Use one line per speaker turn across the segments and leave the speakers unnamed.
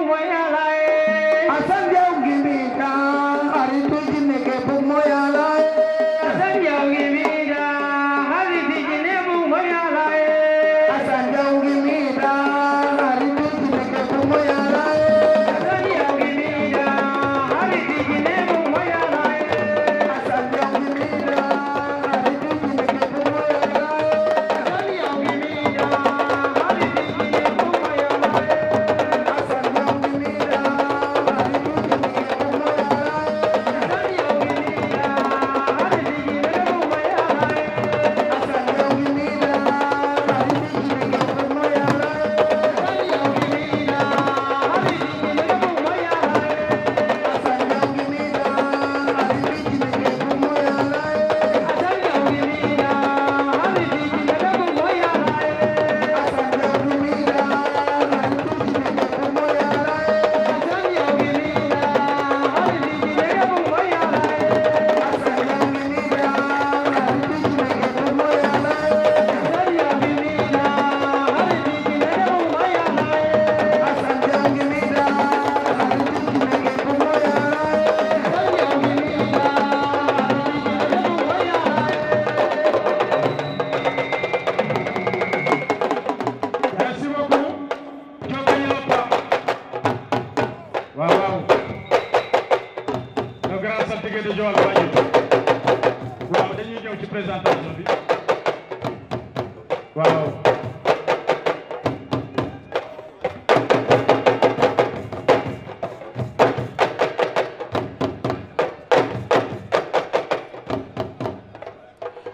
ويا grâce ak diggante Joal Fadiouth waaw dañuy ñëw ci présentation bi waaw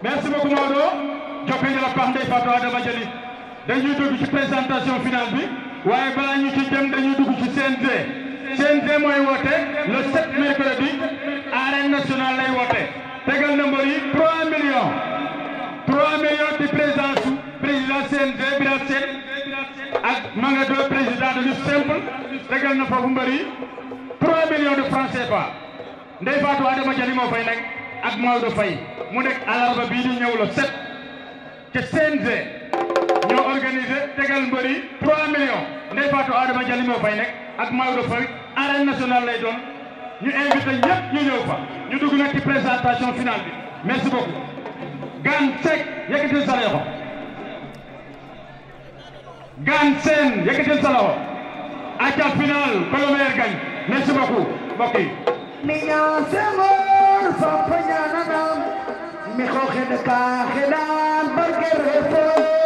merci beaucoup Maodo jokkee na la paax Ndeye Fatou Adama dañuy dugg ci présentation finale bi waaye balaa ci jëm dañuy dugg ci CNG CNG mooy woote le 7 mercredi arène nationale lay woote tegal na mbër yi 3 millions 3 millions ci présidence président CNG Birame Sène ak Manga Do président de lutte simple tegal na foofu mbër yi 3 millions de francs CFA Ndeye Fatou Adama Diallo moo fay nekk ak Maodo Faye mu nekk alarba bii di ñëw set te CNG ñoo organisé tegal mbër yi 3 millions Ndeye Fatou Adama Diallo moo fay nekk ak Maodo Faye arène nationale lay doon. ñu invité ñëpp ñu ñëw fa ñu dugg nag présentation finale bi merci beaucoup Gane Seck yëkkatil sa loxo Gane que le meilleur gagne merci beaucoup mbokk yi miña semor fappa ñaananam mi xooxe dëkka xelaan barke refo